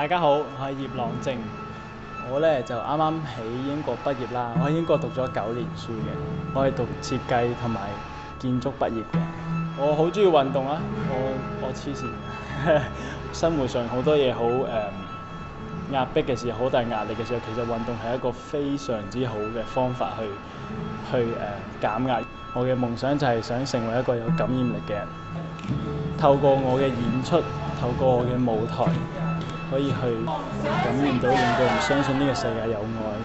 大家好，我係葉朗鉦，我呢，就啱啱喺英國畢業啦，我喺英國讀咗九年書嘅，我係讀設計同埋建築畢業嘅，我好中意運動啊，我我黐線， 生活上好多嘢好誒壓迫嘅時候，好大壓力嘅時候，其實運動係一個非常之好嘅方法去去誒減壓。我嘅夢想就係想成為一個有感染力嘅人，透過我嘅演出。透過我嘅舞台，可以去感染到令到人相信呢個世界有愛。